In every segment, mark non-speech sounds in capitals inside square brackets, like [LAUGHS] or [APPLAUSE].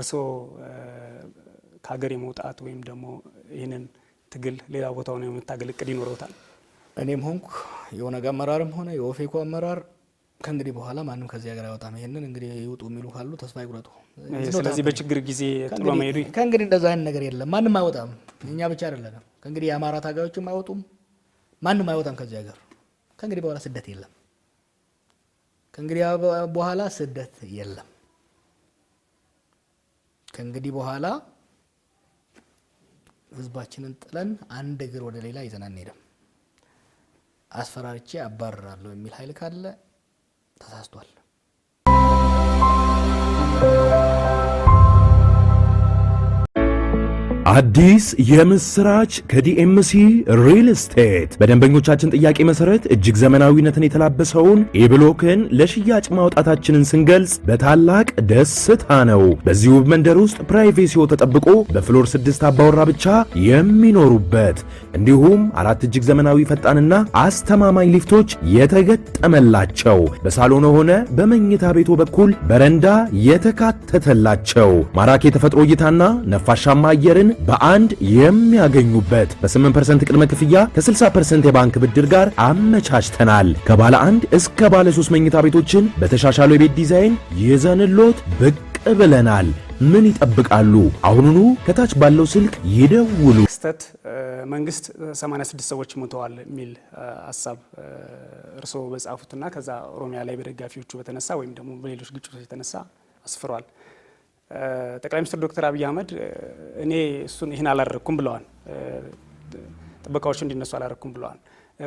እርስዎ ከሀገር የመውጣት ወይም ደግሞ ይህንን ትግል ሌላ ቦታ ሆነ የመታገል እቅድ ይኖረውታል? እኔም ሆንኩ የኦነግ አመራርም ሆነ የኦፌኮ አመራር ከእንግዲህ በኋላ ማንም ከዚህ ሀገር አይወጣም። ይህንን እንግዲህ ይውጡ የሚሉ ካሉ ተስፋ ይቁረጡ። ስለዚህ በችግር ጊዜ ጥሎ መሄዱ ከእንግዲህ እንደዛ አይነት ነገር የለም። ማንም አይወጣም። እኛ ብቻ አይደለንም። ከእንግዲህ የአማራ ታጋዮችም አይወጡም። ማንም አይወጣም ከዚህ ሀገር። ከእንግዲህ በኋላ ስደት የለም። ከእንግዲህ በኋላ ስደት የለም። ከእንግዲህ በኋላ ህዝባችንን ጥለን አንድ እግር ወደ ሌላ ይዘን አንሄድም፣ አስፈራርቼ አባርራለሁ የሚል ኃይል ካለ ተሳስቷል። አዲስ የምስራች ከዲኤምሲ ሪል ስቴት በደንበኞቻችን ጥያቄ መሰረት እጅግ ዘመናዊነትን የተላበሰውን ኤብሎክን ለሽያጭ ማውጣታችንን ስንገልጽ በታላቅ ደስታ ነው። በዚህ ውብ መንደር ውስጥ ፕራይቬሲዎ ተጠብቆ በፍሎር ስድስት አባወራ ብቻ የሚኖሩበት እንዲሁም አራት እጅግ ዘመናዊ ፈጣንና አስተማማኝ ሊፍቶች የተገጠመላቸው በሳሎን ሆነ በመኝታ ቤቶ በኩል በረንዳ የተካተተላቸው ማራኪ የተፈጥሮ እይታና ነፋሻማ አየርን በአንድ የሚያገኙበት በ8% ቅድመ ክፍያ ከ60% የባንክ ብድር ጋር አመቻችተናል። ከባለ አንድ እስከ ባለ ሶስት መኝታ ቤቶችን በተሻሻለ የቤት ዲዛይን ይዘንሎት ብቅ ብለናል። ምን ይጠብቃሉ? አሁኑኑ ከታች ባለው ስልክ ይደውሉ። ክስተት መንግስት 86 ሰዎች ሞተዋል የሚል ሀሳብ እርስዎ በጻፉትና ከዛ ኦሮሚያ ላይ በደጋፊዎቹ በተነሳ ወይም ደግሞ በሌሎች ግጭቶች የተነሳ አስፍሯል። ጠቅላይ ሚኒስትር ዶክተር አብይ አህመድ እኔ እሱን ይህን አላረግኩም ብለዋል። ጥበቃዎቹ እንዲነሱ አላረግኩም ብለዋል።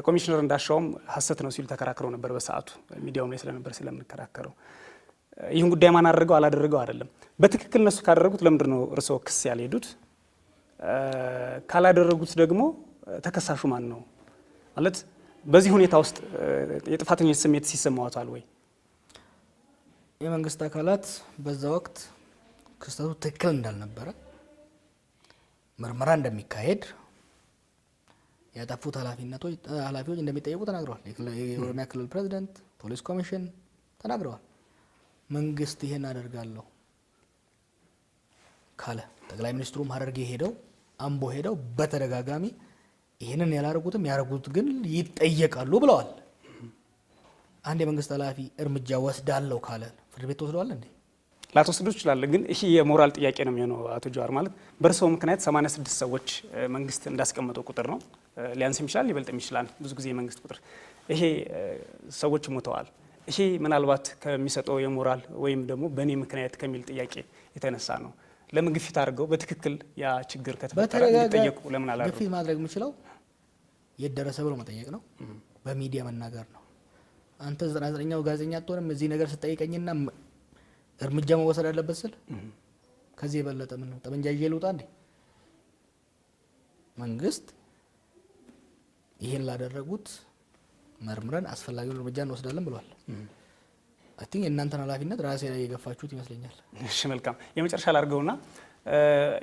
ኮሚሽነር እንዳሻውም ሀሰት ነው ሲሉ ተከራክረው ነበር። በሰዓቱ ሚዲያውም ላይ ስለነበር ስለምንከራከረው ይህን ጉዳይ ማን አደረገው አላደረገው አይደለም። በትክክል እነሱ ካደረጉት ለምንድን ነው እርስዎ ክስ ያልሄዱት? ካላደረጉት ደግሞ ተከሳሹ ማን ነው ማለት በዚህ ሁኔታ ውስጥ የጥፋተኞች ስሜት ሲሰማዋታል ወይ? የመንግስት አካላት በዛ ወቅት ክስተቱ ትክክል እንዳልነበረ ምርመራ እንደሚካሄድ ያጠፉት ኃላፊዎች እንደሚጠየቁ ተናግረዋል። የኦሮሚያ ክልል ፕሬዚደንት፣ ፖሊስ ኮሚሽን ተናግረዋል። መንግስት ይሄን አደርጋለሁ ካለ ጠቅላይ ሚኒስትሩም ሀረርጌ ሄደው አምቦ ሄደው በተደጋጋሚ ይህንን ያላደረጉትም ያደረጉት ግን ይጠየቃሉ ብለዋል። አንድ የመንግስት ኃላፊ እርምጃ ወስዳለሁ ካለ ፍርድ ቤት ተወስደዋል እንዴ? ላትወስዱ ትችላለ። ግን ይህ የሞራል ጥያቄ ነው የሚሆነው። አቶ ጀዋር ማለት በእርስዎ ምክንያት 86 ሰዎች መንግስት እንዳስቀመጠው ቁጥር ነው። ሊያንስም ይችላል፣ ሊበልጥም ይችላል። ብዙ ጊዜ የመንግስት ቁጥር ይሄ ሰዎች ሞተዋል። ይሄ ምናልባት ከሚሰጠው የሞራል ወይም ደግሞ በእኔ ምክንያት ከሚል ጥያቄ የተነሳ ነው። ለምን ግፊት አድርገው በትክክል ያ ችግር ከተፈጠረ እንዲጠየቁ ለምን አላደረጉ? ግፊት ማድረግ የምችለው የት ደረሰ ብሎ መጠየቅ ነው፣ በሚዲያ መናገር ነው። አንተ ዘጠና ዘጠኛው ጋዜጠኛ አትሆንም እዚህ ነገር ስጠይቀኝና እርምጃ መወሰድ አለበት ስል ከዚህ የበለጠ ምን ነው? ጠመንጃ ይዤ ልውጣ እንዴ? መንግስት ይሄን ላደረጉት መርምረን አስፈላጊውን እርምጃ እንወስዳለን ብሏል። አይ ቲንክ የእናንተን ኃላፊነት ራሴ ላይ የገፋችሁት ይመስለኛል። እሺ መልካም። የመጨረሻ ላድርገውና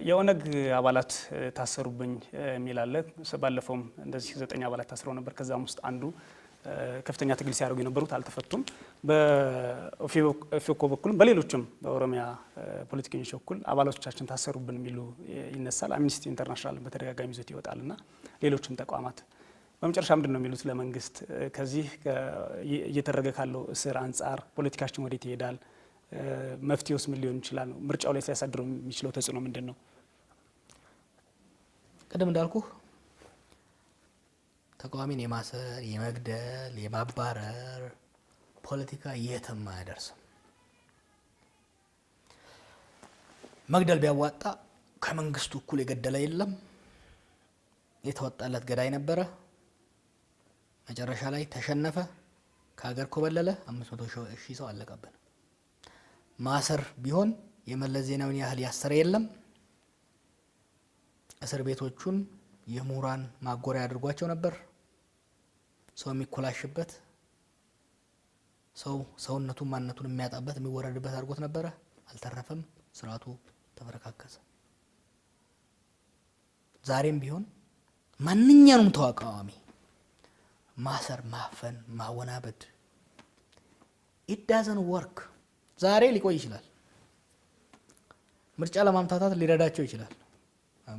የኦነግ አባላት ታሰሩብኝ የሚላለ ባለፈውም እንደዚህ ዘጠኝ አባላት ታስረው ነበር። ከዛም ውስጥ አንዱ ከፍተኛ ትግል ሲያደርጉ የነበሩት አልተፈቱም። በኦፌኮ በኩልም በሌሎችም በኦሮሚያ ፖለቲከኞች በኩል አባሎቻችን ታሰሩብን የሚሉ ይነሳል። አምኒስቲ ኢንተርናሽናል በተደጋጋሚ ይዞት ይወጣል እና ሌሎችም ተቋማት በመጨረሻ ምንድን ነው የሚሉት ለመንግስት ከዚህ እየተደረገ ካለው እስር አንጻር ፖለቲካችን ወዴት ይሄዳል? መፍትሄውስ ምን ሊሆን ይችላል? ምርጫው ላይ ሲያሳድረው የሚችለው ተጽዕኖ ምንድን ነው? ቅድም እንዳልኩህ ተቃዋሚን የማሰር የመግደል የማባረር ፖለቲካ የትም አያደርስም። መግደል ቢያዋጣ ከመንግስቱ እኩል የገደለ የለም። የተወጣለት ገዳይ ነበረ። መጨረሻ ላይ ተሸነፈ፣ ከሀገር ኮበለለ። አምስት መቶ ሺህ ሰው አለቀብን። ማሰር ቢሆን የመለስ ዜናዊን ያህል ያሰረ የለም። እስር ቤቶቹን የምሁራን ማጎሪያ አድርጓቸው ነበር። ሰው የሚኮላሽበት ሰው ሰውነቱን ማንነቱን የሚያጣበት የሚወረድበት አድርጎት ነበረ። አልተረፈም። ስርዓቱ ተፈረካከሰ። ዛሬም ቢሆን ማንኛውም ተቃዋሚ ማሰር፣ ማፈን፣ ማወናበድ ኢት ዳዘን ወርክ። ዛሬ ሊቆይ ይችላል። ምርጫ ለማምታታት ሊረዳቸው ይችላል።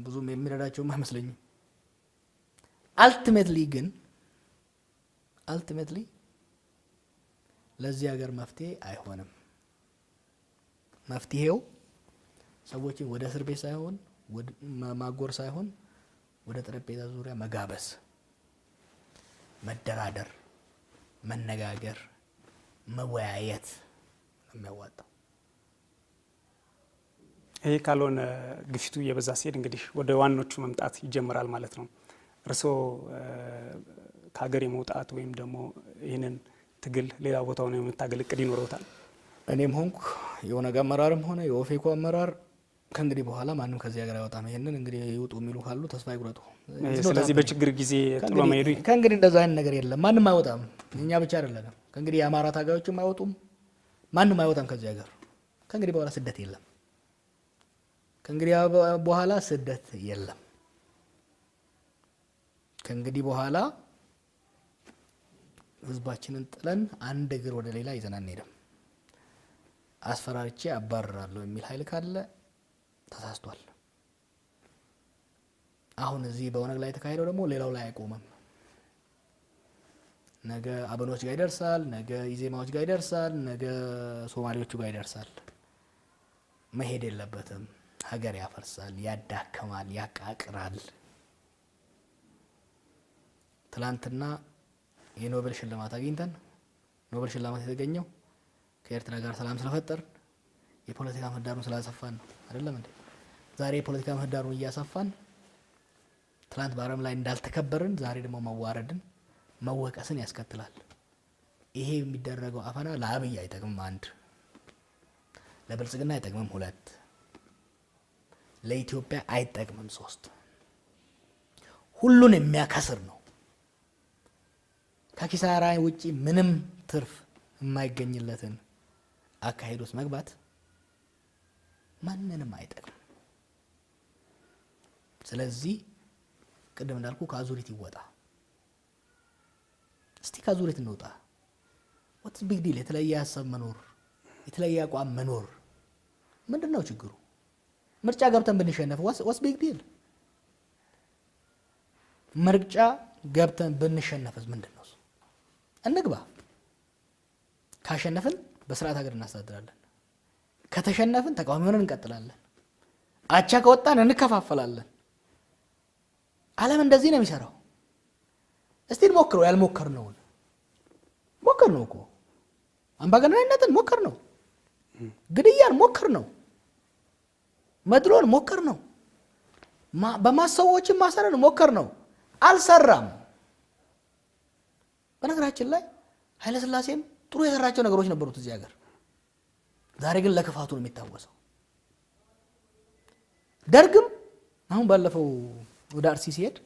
ብዙም የሚረዳቸውም አይመስለኝም። አልቲሜትሊ ግን አልቲሜትሊ ለዚህ ሀገር መፍትሄ አይሆንም። መፍትሄው ሰዎችን ወደ እስር ቤት ሳይሆን ማጎር ሳይሆን ወደ ጠረጴዛ ዙሪያ መጋበስ መደራደር፣ መነጋገር፣ መወያየት ነው የሚያዋጣው። ይሄ ካልሆነ ግፊቱ እየበዛ ሲሄድ እንግዲህ ወደ ዋናዎቹ መምጣት ይጀምራል ማለት ነው። እርስዎ ከሀገር የመውጣት ወይም ደግሞ ይህንን ትግል ሌላ ቦታ ሆነ የምታገል እቅድ ይኖረውታል? እኔም ሆንኩ የኦነግ አመራርም ሆነ የኦፌኮ አመራር ከእንግዲህ በኋላ ማንም ከዚህ ሀገር አይወጣም። ይህንን እንግዲህ ይውጡ የሚሉ ካሉ ተስፋ ይቁረጡ። ስለዚህ በችግር ጊዜ ጥሎ መሄዱ ከእንግዲህ እንደዛ አይነት ነገር የለም። ማንም አይወጣም። እኛ ብቻ አይደለንም። ከእንግዲህ የአማራ ታጋዮችም አይወጡም። ማንም አይወጣም ከዚህ ሀገር። ከእንግዲህ በኋላ ስደት የለም። ከእንግዲህ በኋላ ስደት የለም። ከእንግዲህ በኋላ ህዝባችንን ጥለን አንድ እግር ወደ ሌላ ይዘን አንሄድም። አስፈራርቼ አባረራለሁ የሚል ኃይል ካለ ተሳስቷል። አሁን እዚህ በኦነግ ላይ የተካሄደው ደግሞ ሌላው ላይ አይቆምም። ነገ አብኖች ጋር ይደርሳል፣ ነገ ኢዜማዎች ጋር ይደርሳል፣ ነገ ሶማሌዎቹ ጋር ይደርሳል። መሄድ የለበትም። ሀገር ያፈርሳል፣ ያዳክማል፣ ያቃቅራል። ትላንትና የኖቤል ሽልማት አግኝተን ኖቤል ሽልማት የተገኘው ከኤርትራ ጋር ሰላም ስለፈጠር የፖለቲካ ምህዳሩን ስላሰፋን ነው። አይደለም እንዴ? ዛሬ የፖለቲካ ምህዳሩን እያሰፋን ትናንት በዓለም ላይ እንዳልተከበርን ዛሬ ደግሞ መዋረድን መወቀስን ያስከትላል። ይሄ የሚደረገው አፈና ለአብይ አይጠቅምም፣ አንድ ለብልጽግና አይጠቅምም፣ ሁለት ለኢትዮጵያ አይጠቅምም፣ ሶስት ሁሉን የሚያከስር ነው። ከኪሳራ ውጪ ምንም ትርፍ የማይገኝለትን አካሄድ ውስጥ መግባት ማንንም አይጠቅም። ስለዚህ ቅድም እንዳልኩ ከአዙሪት ይወጣ። እስቲ ከአዙሪት እንውጣ። ወትስ ቢግ ዲል የተለየ ሀሳብ መኖር፣ የተለየ አቋም መኖር ምንድን ነው ችግሩ? ምርጫ ገብተን ብንሸነፍ ወትስ ቢግ ዲል? ምርጫ ገብተን ብንሸነፍስ ምንድን ነው? እንግባ። ካሸነፍን በስርዓት ሀገር እናስተዳድራለን። ከተሸነፍን ተቃዋሚ ሆነን እንቀጥላለን። አቻ ከወጣን እንከፋፈላለን። ዓለም እንደዚህ ነው የሚሰራው። እስቲ እንሞክረው። ያልሞከርነውን ሞከር ነው እኮ አምባገነናዊነትን ሞከር ነው፣ ግድያን ሞከር ነው፣ መድሎን ሞከር ነው፣ በማሰዎችን ማሰረን ሞከር ነው። አልሰራም። በነገራችን ላይ ኃይለስላሴም ጥሩ የሰራቸው ነገሮች ነበሩት እዚህ ሀገር። ዛሬ ግን ለክፋቱ ነው የሚታወሰው። ደርግም አሁን ባለፈው ወደ አርሲ ሲሄድ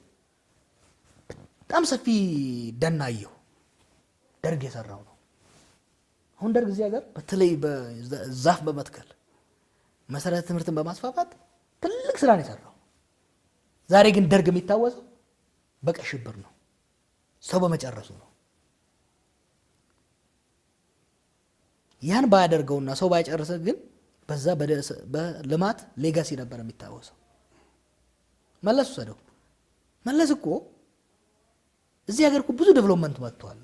በጣም ሰፊ ደን አየሁ። ደርግ የሰራው ነው። አሁን ደርግ እዚህ ሀገር በተለይ ዛፍ በመትከል መሰረተ ትምህርትን በማስፋፋት ትልቅ ስራ ነው የሰራው። ዛሬ ግን ደርግ የሚታወሰው በቀይ ሽብር ነው፣ ሰው በመጨረሱ ነው። ያን ባያደርገውና ሰው ባይጨርሰ ግን በዛ በልማት ሌጋሲ ነበር የሚታወሰው። መለስ ውሰደው። መለስ እኮ እዚህ ሀገር እኮ ብዙ ዴቨሎፕመንት መጥቷል።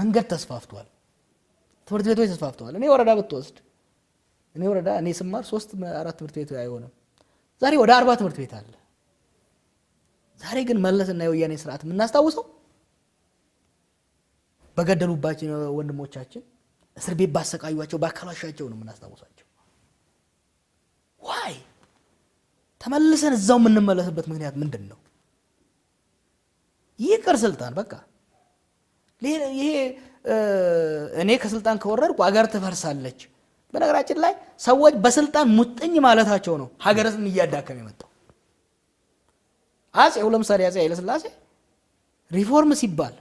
መንገድ ተስፋፍቷል። ትምህርት ቤቶች ተስፋፍተዋል። እኔ ወረዳ ብትወስድ እኔ ወረዳ እኔ ስማር ሶስት አራት ትምህርት ቤት አይሆንም። ዛሬ ወደ አርባ ትምህርት ቤት አለ። ዛሬ ግን መለስና የወያኔ ስርዓት የምናስታውሰው በገደሉባቸው ወንድሞቻችን እስር ቤት ባሰቃዩቸው ባከላሻቸው ነው የምናስታውሳቸው። ዋይ ተመልሰን እዛው የምንመለስበት ምክንያት ምንድን ነው? ይቅር ስልጣን በቃ ይሄ እኔ ከስልጣን ከወረድኩ አገር ትፈርሳለች። በነገራችን ላይ ሰዎች በስልጣን ሙጥኝ ማለታቸው ነው ሀገርን እያዳከም የመጣው። አጼው ለምሳሌ አጼ ኃይለስላሴ ሪፎርም ሲባል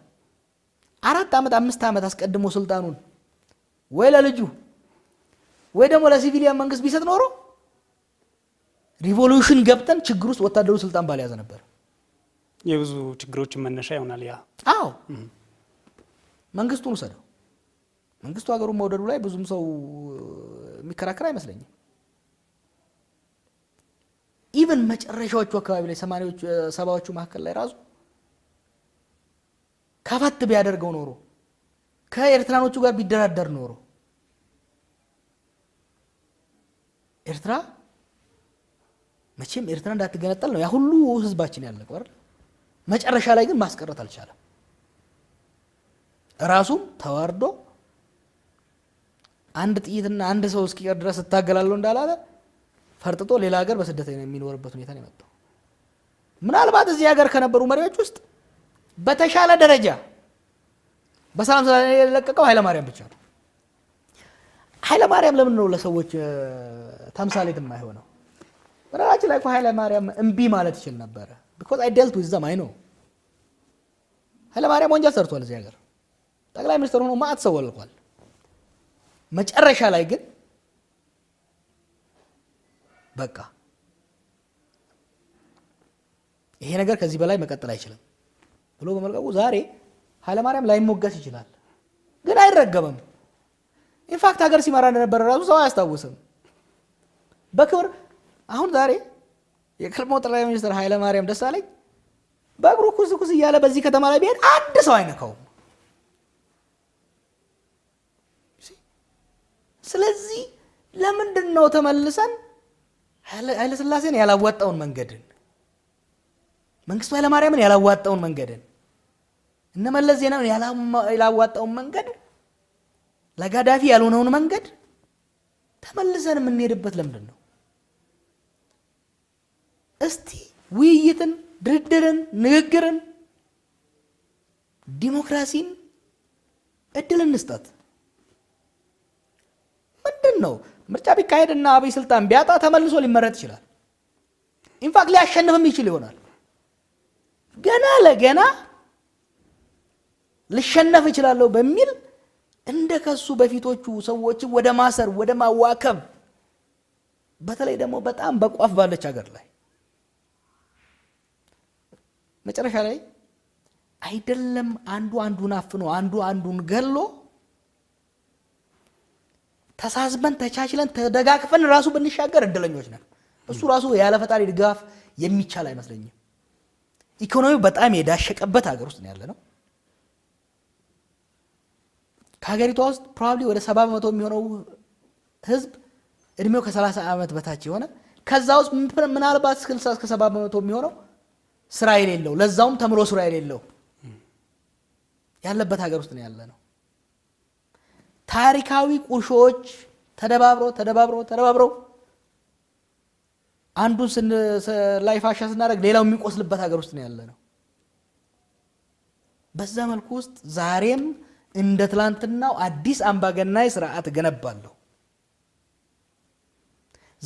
አራት ዓመት አምስት ዓመት አስቀድሞ ስልጣኑን ወይ ለልጁ ወይ ደግሞ ለሲቪሊያን መንግስት ቢሰጥ ኖሮ ሪቮሉሽን ገብተን ችግር ውስጥ ወታደሩ ስልጣን ባልያዘ ነበር። የብዙ ችግሮችን መነሻ ይሆናል ያ። አዎ መንግስቱን ውሰደው። መንግስቱ ሀገሩን መውደዱ ላይ ብዙም ሰው የሚከራከር አይመስለኝም። ኢቨን መጨረሻዎቹ አካባቢ ላይ ሰማንያዎቹ ሰባዎቹ መካከል ላይ ራሱ ከፈት ቢያደርገው ኖሮ ከኤርትራኖቹ ጋር ቢደራደር ኖሮ ኤርትራ መቼም ኤርትራ እንዳትገነጠል ነው ያ ሁሉ ህዝባችን ያለቀው አይደል? መጨረሻ ላይ ግን ማስቀረት አልቻለም። ራሱም ተዋርዶ አንድ ጥይትና አንድ ሰው እስኪቀር ድረስ እታገላለሁ እንዳላለ ፈርጥጦ ሌላ ሀገር በስደት የሚኖርበት ሁኔታ ነው የመጣው። ምናልባት እዚህ ሀገር ከነበሩ መሪዎች ውስጥ በተሻለ ደረጃ በሰላም ስለለቀቀው ኃይለማርያም ብቻ ነው። ማርያም ለምን ነው ለሰዎች ተምሳሌት የማይሆነው? በነገራችን ላይ እኮ ኃይለማርያም እምቢ ማለት ይችል ነበረ። ቢኮዝ አይ ደልት ዊዝ ዘም አይ ነው። ማርያም ወንጀል ሰርቷል። እዚህ ሀገር ጠቅላይ ሚኒስትር ሆኖ ማአት ሰው ወልቋል። መጨረሻ ላይ ግን በቃ ይሄ ነገር ከዚህ በላይ መቀጠል አይችልም ብሎ በመልቀቁ ዛሬ ኃይለማርያም ላይሞገስ ይችላል፣ ግን አይረገምም። ኢንፋክት ሀገር ሲመራ እንደነበረ ራሱ ሰው አያስታውስም። በክብር አሁን ዛሬ የቀድሞ ጠቅላይ ሚኒስትር ኃይለማርያም ደሳለኝ በእግሩ ኩስ ኩስ እያለ በዚህ ከተማ ላይ ቢሄድ አንድ ሰው አይነካውም። ስለዚህ ለምንድን ነው ተመልሰን ኃይለስላሴን ያላዋጣውን መንገድን መንግስቱ ኃይለማርያምን ያላዋጣውን መንገድን እነመለስ ዜናውን ያላዋጣውን መንገድ ለጋዳፊ ያልሆነውን መንገድ ተመልሰን የምንሄድበት ለምንድን ነው? እስቲ ውይይትን፣ ድርድርን፣ ንግግርን፣ ዲሞክራሲን እድል እንስጠት። ምንድን ነው ምርጫ ቢካሄድና አብይ ስልጣን ቢያጣ ተመልሶ ሊመረጥ ይችላል። ኢንፋክት ሊያሸንፍም ይችል ይሆናል። ገና ለገና ልሸነፍ እችላለሁ በሚል እንደ ከሱ በፊቶቹ ሰዎችን ወደ ማሰር ወደ ማዋከብ፣ በተለይ ደግሞ በጣም በቋፍ ባለች ሀገር ላይ መጨረሻ ላይ አይደለም አንዱ አንዱን አፍኖ አንዱ አንዱን ገሎ ተሳስበን ተቻችለን ተደጋግፈን ራሱ ብንሻገር እድለኞች ነን። እሱ ራሱ ያለ ፈጣሪ ድጋፍ የሚቻል አይመስለኝም። ኢኮኖሚው በጣም የዳሸቀበት ሀገር ውስጥ ነው ያለ ነው። ከሀገሪቷ ውስጥ ፕሮባብሊ ወደ ሰባ በመቶ የሚሆነው ህዝብ እድሜው ከሰላሳ ዓመት በታች የሆነ ከዛ ውስጥ ምናልባት ስልሳ እስከ ሰባ በመቶ የሚሆነው ስራ የሌለው ለዛውም ተምሮ ስራ የሌለው ያለበት ሀገር ውስጥ ነው ያለ ነው። ታሪካዊ ቁሾዎች ተደባብሮ ተደባብሮ ተደባብረው አንዱን ላይ ፋሻ ስናደርግ ሌላው የሚቆስልበት ሀገር ውስጥ ነው ያለ ነው። በዛ መልኩ ውስጥ ዛሬም እንደ ትላንትናው አዲስ አምባገናኝ ስርዓት እገነባለሁ።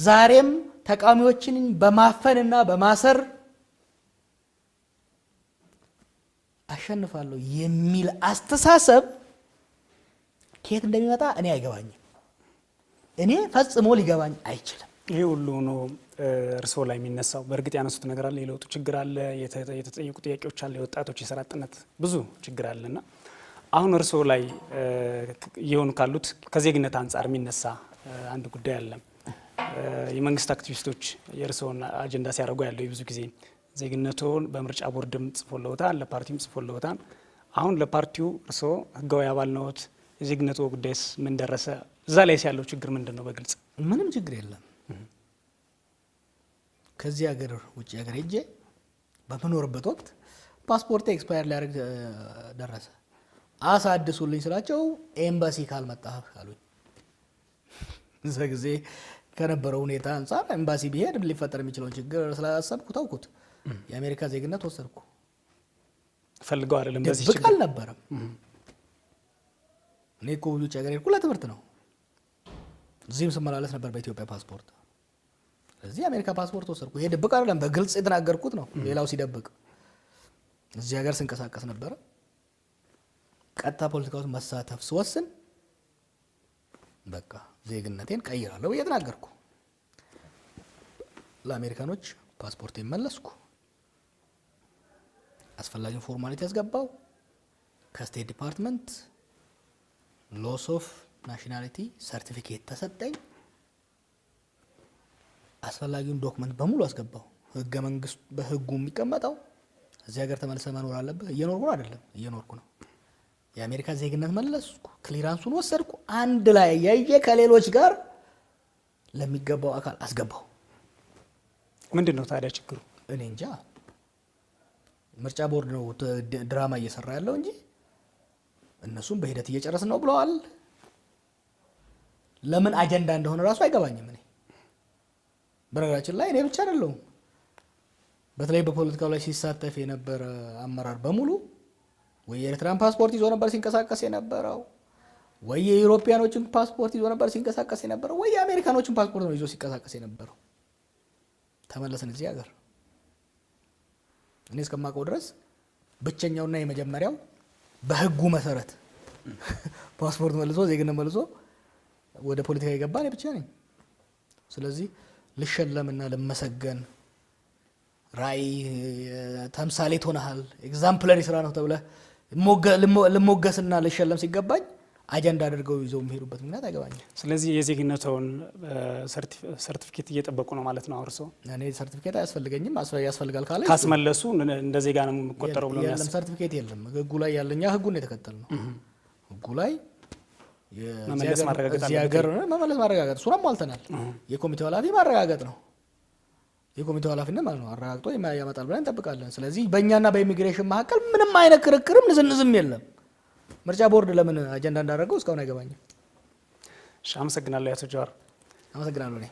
ዛሬም ተቃዋሚዎችን በማፈንና በማሰር አሸንፋለሁ የሚል አስተሳሰብ ከየት እንደሚመጣ እኔ አይገባኝም። እኔ ፈጽሞ ሊገባኝ አይችልም። ይሄ ሁሉ ሆኖ እርስዎ ላይ የሚነሳው በእርግጥ ያነሱት ነገር አለ፣ የለውጡ ችግር አለ፣ የተጠየቁ ጥያቄዎች አለ፣ የወጣቶች የስራ አጥነት ብዙ ችግር አለና አሁን እርስዎ ላይ እየሆኑ ካሉት ከዜግነት አንጻር የሚነሳ አንድ ጉዳይ አለም የመንግስት አክቲቪስቶች የእርስዎን አጀንዳ ሲያደርጉ ያለው ብዙ ጊዜ ዜግነቱን በምርጫ ቦርድም ጽፎልዎታል፣ ለፓርቲውም ጽፎልዎታል። አሁን ለፓርቲው እርስዎ ህጋዊ አባል ነዎት። የዜግነቱ ጉዳይስ ምን ደረሰ? እዛ ላይ ያለው ችግር ምንድን ነው? በግልጽ ምንም ችግር የለም። ከዚህ ሀገር ውጭ ሀገር ሄጄ በምኖርበት ወቅት ፓስፖርቴ ኤክስፓየር ሊያደርግ ደረሰ። አሳድሱልኝ ስላቸው ኤምባሲ ካልመጣ አሉኝ። እዛ ጊዜ ከነበረው ሁኔታ አንጻር ኤምባሲ ቢሄድ ሊፈጠር የሚችለውን ችግር ስላሰብኩ ተውኩት። የአሜሪካ ዜግነት ወሰድኩ። ፈልገው አይደለም በዚህ ችግር አልነበረም። እኔ እኮ ውጭ ሀገር ሄድኩ ለትምህርት ነው። እዚህም ስመላለስ ነበር በኢትዮጵያ ፓስፖርት። ስለዚህ የአሜሪካ ፓስፖርት ወሰድኩ። ይሄ ድብቅ አይደለም፣ በግልጽ የተናገርኩት ነው። ሌላው ሲደብቅ እዚህ ሀገር ስንቀሳቀስ ነበረ ቀጥታ ፖለቲካ ውስጥ መሳተፍ ስወስን በቃ ዜግነቴን ቀይራለሁ ብዬ ተናገርኩ። ለአሜሪካኖች ፓስፖርት የመለስኩ፣ አስፈላጊውን ፎርማሊቲ ያስገባው፣ ከስቴት ዲፓርትመንት ሎስ ኦፍ ናሽናሊቲ ሰርቲፊኬት ተሰጠኝ። አስፈላጊውን ዶክመንት በሙሉ አስገባው። ህገ መንግስት በህጉ የሚቀመጠው እዚህ ሀገር ተመልሰ መኖር አለብህ። እየኖርኩ ነው አይደለም፣ እየኖርኩ ነው የአሜሪካ ዜግነት መለስኩ፣ ክሊራንሱን ወሰድኩ፣ አንድ ላይ ያየ ከሌሎች ጋር ለሚገባው አካል አስገባው። ምንድን ነው ታዲያ ችግሩ? እኔ እንጃ። ምርጫ ቦርድ ነው ድራማ እየሰራ ያለው እንጂ እነሱም በሂደት እየጨረስ ነው ብለዋል። ለምን አጀንዳ እንደሆነ እራሱ አይገባኝም። እኔ በነገራችን ላይ እኔ ብቻ አይደለሁም። በተለይ በፖለቲካው ላይ ሲሳተፍ የነበረ አመራር በሙሉ ወይ የኤርትራን ፓስፖርት ይዞ ነበር ሲንቀሳቀስ የነበረው፣ ወይ የኢሮፓያኖችን ፓስፖርት ይዞ ነበር ሲንቀሳቀስ የነበረው፣ ወይ የአሜሪካኖችን ፓስፖርት ነው ይዞ ሲንቀሳቀስ የነበረው። ተመለስን እዚህ ሀገር። እኔ እስከማውቀው ድረስ ብቸኛውና የመጀመሪያው በህጉ መሰረት [LAUGHS] ፓስፖርት መልሶ ዜግነት መልሶ ወደ ፖለቲካ የገባ እኔ ብቻ ነኝ። ስለዚህ ልሸለምና ልመሰገን ራይ ተምሳሌ ሆነሃል፣ ኤግዛምፕለሪ ስራ ነው ተብለህ ልሞገስና ልሸለም ሲገባኝ አጀንዳ አድርገው ይዘው የሚሄዱበት ምክንያት አይገባኝ። ስለዚህ የዜግነቱን ሰርቲፊኬት እየጠበቁ ነው ማለት ነው። እርሶ እኔ ሰርቲፊኬት አያስፈልገኝም ያስፈልጋል ካለ ካስመለሱ እንደ ዜጋ ነው የምቆጠረው ብሎ ያለም ሰርቲፊኬት የለም። ህጉ ላይ ያለኛ ህጉን የተከተል ነው። ህጉ ላይ መመለስ ማረጋገጥ መመለስ ማረጋገጥ ሱራም ሟልተናል። የኮሚቴው ኃላፊ ማረጋገጥ ነው። የኮሚቴው ኃላፊነት ማለት ነው አረጋግጦ ያመጣል ብለን እንጠብቃለን። ስለዚህ በእኛና በኢሚግሬሽን መካከል ምንም አይነት ክርክርም ንዝንዝም የለም። ምርጫ ቦርድ ለምን አጀንዳ እንዳደረገው እስካሁን አይገባኝም። አመሰግናለሁ። አቶ ጀዋር አመሰግናለሁ።